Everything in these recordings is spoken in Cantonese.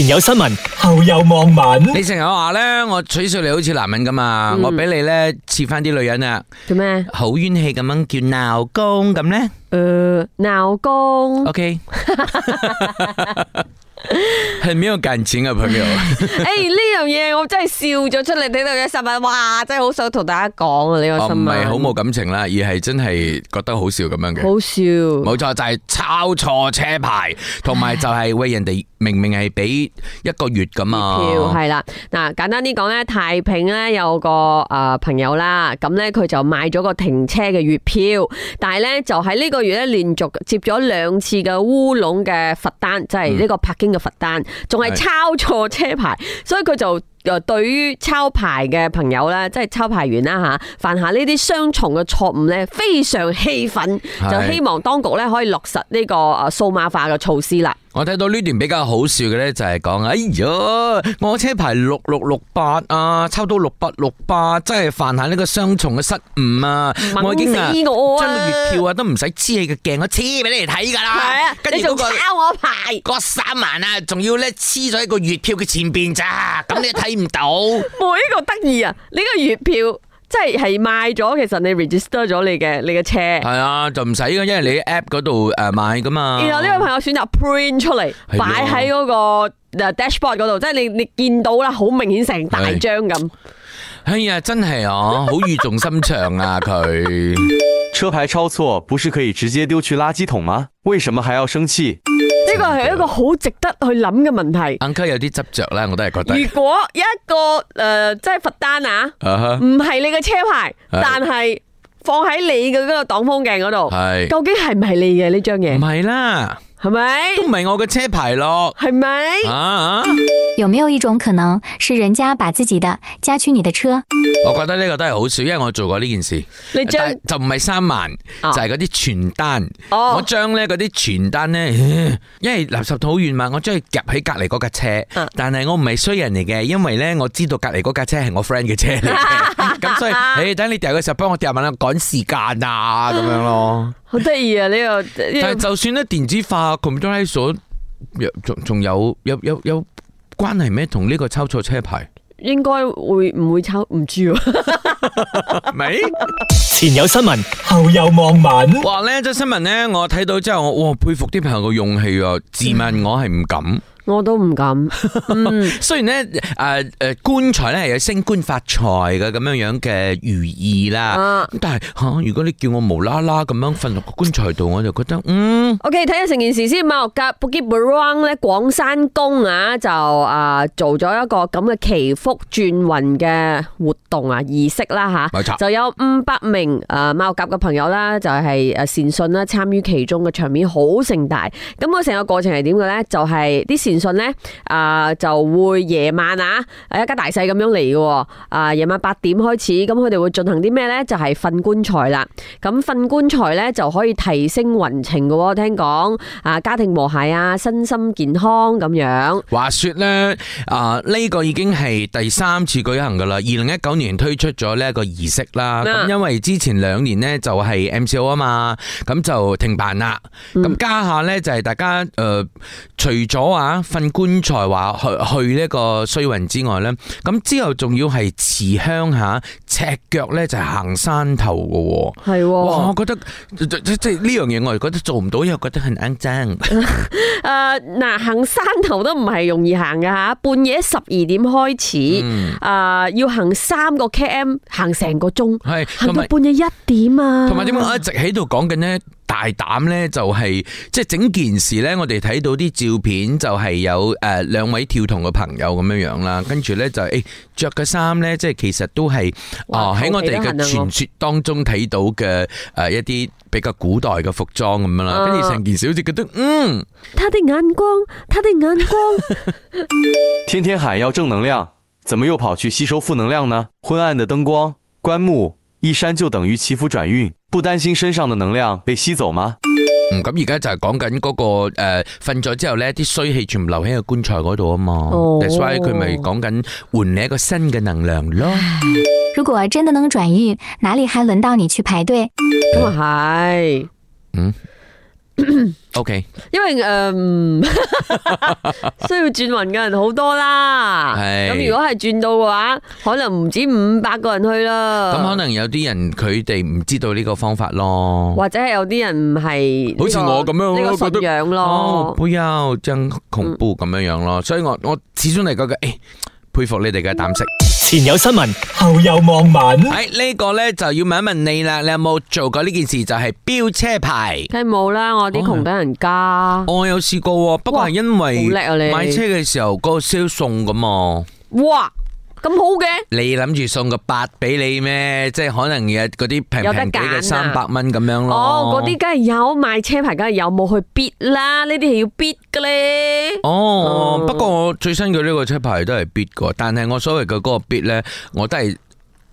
前有新聞，後有網民。你成日話咧，我取笑你好似男人咁啊！我俾你咧，似翻啲女人啊！做咩？好冤氣咁樣叫鬧工咁咧？誒，鬧工。OK，很沒有感情啊，朋友。誒，呢樣嘢我真係笑咗出嚟，睇到嘅新聞，哇！真係好想同大家講啊！呢個新聞唔係好冇感情啦，而係真係覺得好笑咁樣嘅。好笑，冇錯就係抄錯車牌，同埋就係為人哋。明明係俾一個月咁啊！月票係啦，嗱，簡單啲講咧，太平咧有個誒朋友啦，咁咧佢就買咗個停車嘅月票，但係咧就喺呢個月咧連續接咗兩次嘅烏龍嘅罰單，就係、是、呢個泊經嘅罰單，仲係、嗯、抄錯車牌，是的 所以佢就誒對於抄牌嘅朋友咧，即、就、係、是、抄牌員啦吓，犯下呢啲雙重嘅錯誤咧，非常氣憤，是的 就希望當局咧可以落實呢個誒數碼化嘅措施啦。我睇到呢段比較好笑嘅咧，就係講，哎呀，我車牌六六六八啊，抄到六八六八，真係犯下呢個雙重嘅失誤啊！死我啊，我已經啊，將個月票啊都唔使黐起個鏡，我黐俾你嚟睇噶啦，跟住仲抄我牌，嗰三萬 啊，仲要咧黐咗喺個月票嘅前邊咋，咁你睇唔到，每一個得意啊，呢個月票。即係係賣咗，其實你 register 咗你嘅你嘅車。係啊，就唔使噶，因為你 app 嗰度誒買噶嘛。然後呢位朋友選擇 print 出嚟，擺喺嗰個誒 dashboard 嗰度，即係你你見到啦，好明顯成大張咁。哎呀，真係啊，好語重心長啊佢。車牌抄錯，不是可以直接丟去垃圾桶嗎？為什麼還要生氣？呢個係一個好值得去諗嘅問題。uncle 有啲執着啦，我都係覺得。 如果一個誒，即係罰單啊，唔係、uh huh. 你嘅車牌，是但係放喺你嘅嗰個擋風鏡嗰度，是究竟係唔係你嘅呢張嘢？唔係 啦。係咪都唔係我嘅車牌咯？係咪啊？有冇有一種可能是人家把自己的夾去你的車？ 我覺得呢個都係好少，因為我做過呢件事。你將就唔係三萬，就係嗰啲傳單。哦、我將呢嗰啲傳單呢，因為垃圾桶好遠嘛，我將佢夾喺隔籬嗰架車。但係我唔係衰人嚟嘅，因為呢我知道隔籬嗰架車係我 friend 嘅車嚟嘅，咁 所以誒、哎，等你掉嘅時候幫我掉埋啦，趕時間啊，咁樣咯。 好得意啊！呢、這個、這個、但係就算咧電子化咁多所，仲仲、這個、有有有有，有，有關係咩？同呢個抄錯車牌，應該會唔會抄？唔住？啊，咪前有新聞，後有網民。哇！ 話呢則新聞咧，我睇到之後，我哇佩服啲朋友嘅勇氣啊！自問我係唔敢。我都唔敢。嗯、 雖然咧誒誒棺材咧係有升官發財嘅咁樣樣嘅寓意啦，但係吓、呃、如果你叫我無啦啦咁樣瞓落個棺材度，我就覺得嗯。O K 睇下成件事先。馬六甲 Bukit Beruang 咧，廣山宮啊就啊、呃、做咗一個咁嘅祈福轉運嘅活動啊儀式啦吓。冇錯錯、嗯。就有五百名誒馬六甲嘅朋友啦，就係誒善信啦參與其中嘅，場面好盛大。咁我成個過程係點嘅咧？就係、是、啲善信咧啊，就會夜晚啊，一家大細咁樣嚟嘅，啊夜晚八點開始，咁佢哋會進行啲咩咧？就係瞓棺材啦，咁瞓棺材咧就可以提升運程嘅，聽講啊，家庭和諧啊，身心健康咁樣。話說咧，啊呢個已經係第三次舉行嘅啦，二零一九年推出咗呢一個儀式啦，咁因為之前兩年咧就係 MCO 啊嘛，咁就停辦啦，咁家下咧就係大家誒，除咗啊。瞓棺材話去去呢個衰運之外咧，咁之後仲要係持香下赤腳咧就行山頭嘅，哦，係、哦，我覺得即即呢樣嘢， 我係覺得做唔到又覺得很掹憎。誒，嗱，行山頭都唔係容易行嘅吓，半夜十二點開始，誒、嗯呃，要行三個 km，行成個鐘，係，行到半夜一點啊，同埋點解我一直喺度講緊呢？大膽呢、就是，就係即係整件事呢，我哋睇到啲照片就係有誒兩、呃、位跳童嘅朋友咁樣樣啦，跟住呢，就誒着嘅衫呢，即係其實都係哦喺我哋嘅傳說當中睇到嘅誒、呃、一啲比較古代嘅服裝咁樣啦、啊。跟住成件事我哋覺得，嗯，他的眼光，他的眼光， 天天喊要正能量，怎麼又跑去吸收負能量呢？昏暗的燈光，棺木一閂就等於祈福轉運。不擔心身上的能量被吸走嗎？嗯，咁而家就係講緊嗰個誒，瞓、呃、咗之後咧，啲衰氣全部留喺個棺材嗰度啊嘛，oh. 所以佢咪講緊換你一個新嘅能量咯。如果真的能轉運，哪裏還輪到你去排隊？咁咪係，嗯。嗯 OK，因為誒需要轉運嘅人好多啦，咁如果係轉到嘅話，可能唔止五百個人去啦。咁可能有啲人佢哋唔知道呢個方法咯，或者係有啲人唔係，好似我咁樣呢個信仰咯。哦，會有真恐怖咁樣樣咯，所以我我始終嚟講嘅，誒佩服你哋嘅膽識。前有新聞，後有網民。喺、哎這個、呢個咧就要問一問你啦，你有冇做過呢件事？就係、是、標車牌。梗冇啦，我啲窮畀人家。哦、我有試過、啊，不過係因為買車嘅時候哇們個銷送噶嘛。哇！咁好嘅？你諗住送個八俾你咩？即係可能有嗰啲平平哋嘅三百蚊咁樣咯。哦，嗰啲梗係有賣車牌，梗係有，冇去 bid 啦。呢啲係要 bid 嘅咧。哦，嗯、不過我最新嘅呢個車牌都係 bid 㗎，但係我所謂嘅嗰個 bid 咧，我都係。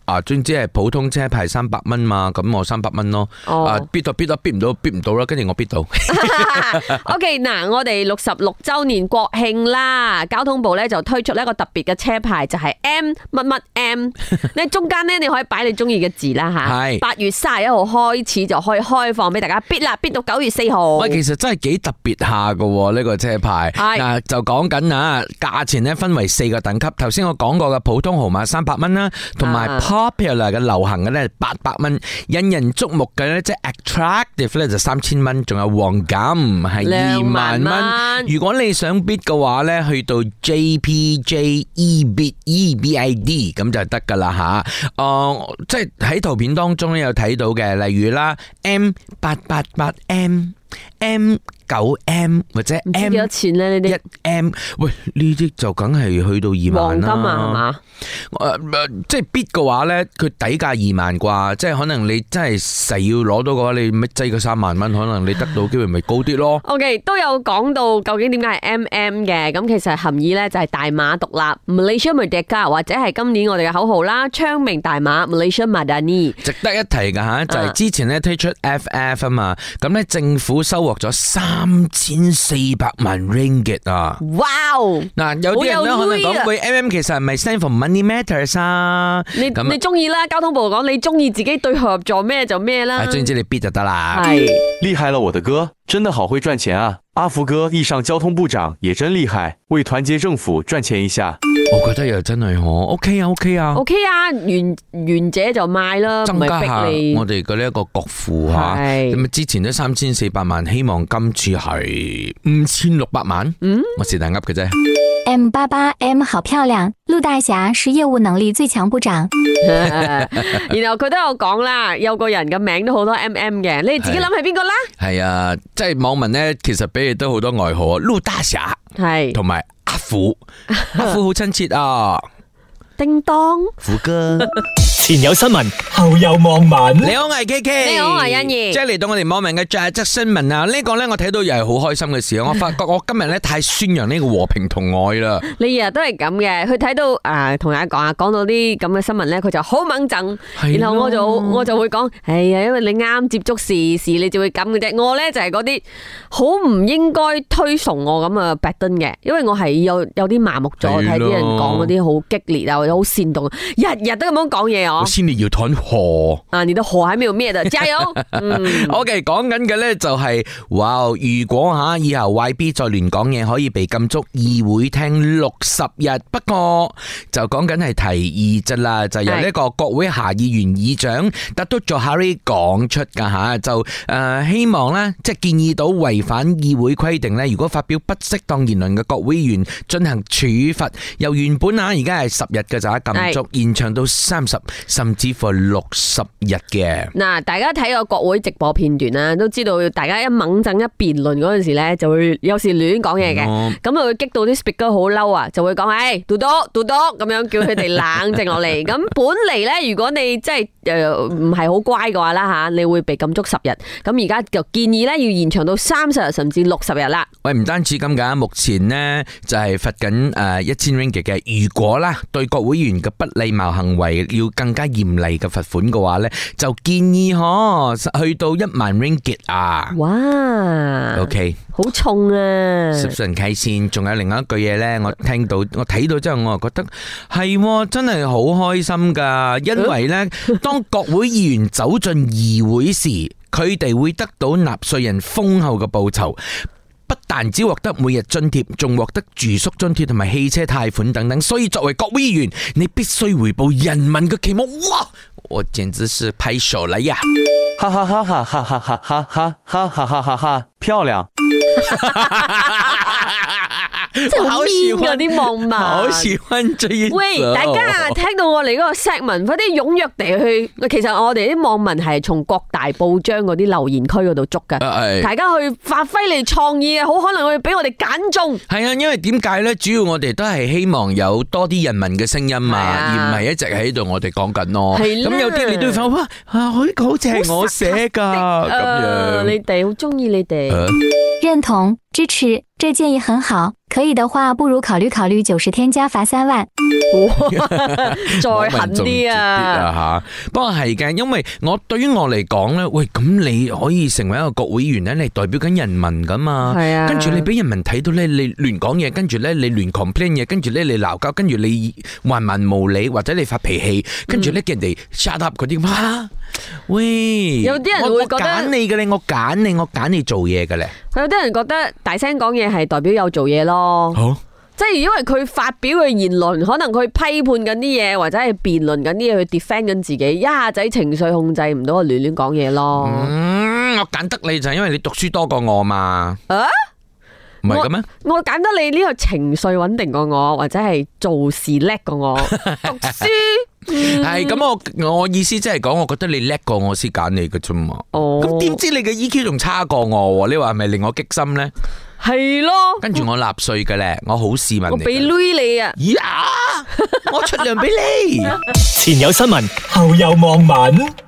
啊，總之係普通車牌三百蚊嘛，咁我三百蚊咯。啊 b 到 b 到 b 唔到 b 唔到啦，跟住我 b 到。O K，嗱，我哋六十六周年國慶啦，交通部咧就推出一個特別嘅車牌，就係 M 乜乜 M。你中間呢，你可以擺你中意嘅字啦吓。係。八月三十一號開始就可以開放俾大家 bid 啦 b 到九月四號。喂，其實真係幾特別下噶呢個車牌。係。嗱，就講緊啊，價錢呢分為四個等級。頭先我講過嘅普通號碼三百蚊啦，同埋。popular 嘅流行嘅咧，八百蚊引人矚目嘅咧，即係 attractive 咧就三千蚊，仲有黃金係二萬蚊。如果你想 bid 嘅話咧，去到 JPJEBEBID 咁就得噶啦吓。誒，即係喺圖片當中有睇到嘅，例如啦 M 八八八 M M。九 M 或者唔知幾多錢咧呢啲一 M 喂呢啲就梗係去到二萬啦，黃金啊係嘛？誒誒，即係必嘅話咧，佢底價二萬啩，即係可能你真係誓要攞到嘅話，你咪擠佢三萬蚊，可能你得到機會咪高啲咯？OK，都有講到究竟點解係 M M 嘅咁，其實含義咧就係大馬獨立，Malaysia Merdeka 或者係今年我哋嘅口號啦，昌明大馬，Malaysia Madani。值得一提嘅吓就係之前咧推出 FF 啊嘛，咁咧政府收穫咗三。三千四百萬 ringgit 啊！哇嗱 Wow,、呃，有啲人都可能講句 M、MM、M 其實係咪 stand for money matters 啊？你咁，樣你中意啦。交通部講你中意自己對合作咩就咩啦。總之你 b 就得啦，係厲是害啦，我的哥。真的好會賺錢啊！阿福哥遇上交通部長也真厲害，為團結政府賺錢一下。我覺得又真係我 OK 啊 OK 啊 OK 啊，元元姐就賣啦，增加下我哋嘅呢一個國庫吓。咁、啊、係之前都三千四百萬，希望今次係五千六百萬。嗯，我蝕大噏嘅啫。M 八八 M 好漂亮，陸大俠是業務能力最強部長。 然後佢都有講啦，有個人嘅名都好多 M M 嘅，你哋自己諗係邊個啦？係啊，即係網民咧，其實俾你都好多外號啊，陸大俠係，同埋是阿虎， 阿虎好親切啊， 叮當，虎福哥。 前有新聞，後有網民。你好，我係 K K。你好，我係欣宜。即係嚟到我哋網民嘅最新新聞啊！呢個咧，我睇到又係好開心嘅事。我發覺我今日咧太宣揚呢個和平同愛啦。你日日都係咁嘅，佢睇到誒，同大家講啊，講到啲咁嘅新聞咧，佢就好猛憎。然後我就我就會講，哎呀，因為你啱接觸時事，你就會咁嘅啫。我咧就係嗰啲好唔應該推崇我咁啊，百噸嘅，因為我係有有啲麻木咗，睇啲人講嗰啲好激烈啊，或者好煽動，日日都咁樣講嘢啊。我先你要談河，啊！你的火還沒有滅的，加油。O K，講緊嘅呢就係、是、哇，如果吓、啊、以後 Y B 再亂講嘢，可以被禁足議會廳六十日。不過就講緊係提議啫啦，就由呢個國會下議院議長特督咗 Johari 講出噶吓，就誒、呃、希望呢，即係建議到違反議會規定呢，如果發表不適當言論嘅國會議員進行處罰，由原本啊而家係十日嘅咋，禁足延長是到三十。甚至乎六十日嘅嗱，大家睇個國會直播片段啦，都知道大家一猛震、一辯論嗰陣時咧，就會有時亂講嘢嘅，咁就會激到啲 speaker 好嬲啊，就會講誒，嘟嘟嘟嘟咁樣叫佢哋冷靜落嚟。咁本嚟咧，如果你即係誒唔係好乖嘅話啦吓，你會被禁足十日。咁而家就建議咧要延長到三十日，甚至六十日啦。喂，唔單止咁噶，目前咧就係罰緊誒一千 ringgit 嘅。如果啦，對國會議員嘅不禮貌行為要更。更加嚴厲嘅罰款嘅話咧，就建議可去到一萬 ringgit 啊！哇，OK，好重啊！Subscription，仲有另外一句嘢咧，我聽到我睇到之後，我又覺得係真係好開心㗎，因為咧，當國會議員走進議會時，佢哋會得到納稅人豐厚嘅報酬。不但只獲得每日津貼，仲獲得住宿津貼同埋汽車貸款等等，所以作為國會議員，你必須回報人民嘅期望。哇！我簡直是拍手了呀，啊！哈哈哈哈哈哈哈哈哈哈哈哈哈哈！漂亮！哈哈哈哈好笑嗰啲網民，好笑最熱。喂，大家聽到我嚟嗰個石文，快啲踊躍地去。其實我哋啲網民係從各大報章嗰啲留言區嗰度捉。噶係大家去發揮你創意啊，好可能會俾我哋揀中。係啊，因為點解咧？主要我哋都係希望有多啲人民嘅聲音嘛，而唔係一直喺度我哋講緊咯。係啦。咁有啲你對翻哇啊，佢好似係我寫噶咁樣。你哋好中意你哋，認同支持。這建議很好，可以的話，不如考慮考慮九十天加罰三萬，哦。再狠啲啊！吓 不過係嘅，因為我對於我嚟講咧，喂，咁你可以成為一個國會議員咧，你代表緊人民噶嘛。係啊。跟住你俾人民睇到咧，你亂講嘢，跟住咧你亂 complain 嘢，跟住咧你鬧交，跟住你橫蠻無理，或者你發脾氣，跟住咧叫人哋 shut up 啲嘛。哇喂，有啲人會揀你嘅咧，我揀你，你，我揀你做嘢嘅咧。佢有啲人覺得大聲講嘢係代表有做嘢咯，啊、即係因為佢發表嘅言論，可能佢批判緊啲嘢，或者係辯論緊啲嘢去 defend 緊自己，一下子情緒控制唔到，亂亂講嘢咯。嗯，我揀得你就係因為你讀書多過我嘛。啊？唔係咁咩？我揀得你呢個情緒穩定過我，或者係做事叻過我。讀書係咁，我我意思即係講，我覺得你叻過我先揀你嘅啫嘛。哦，咁點知你嘅 EQ 仲差過我？你話係咪令我激心咧？係咯。跟住我納稅嘅咧，我好市民。我俾鐳你啊！咦啊！我出糧俾你。前有新聞，後有網民。